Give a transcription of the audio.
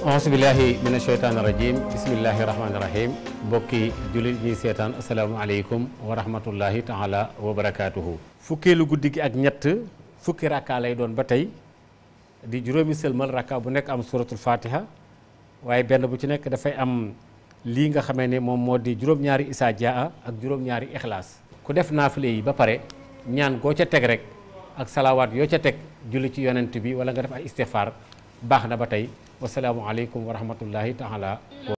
aasbillahi min asheytaan irajim bismillahi rahmaani rahim bokki ñuy seetaan asalaamaaleykum wa rahmatullahi taala wa barakaatuhu fukkeelu guddi gi ak ñett fukki rakka doon ba tey di juróomi sëlmal rakka bu nekk am suratul fatiha waaye benn bu ci nekk dafay am lii nga xamee ne moom moo di juróom-ñaari isaa ak juróom-ñaari ixlaas ku def naafile yi ba pare ñaan goo ca teg rek ak salaawaat yoo ca teg julli ci yonent bi wala nga def ay istixfaar baax na ba tey wasalaamualeykum wa rahmatullahi taala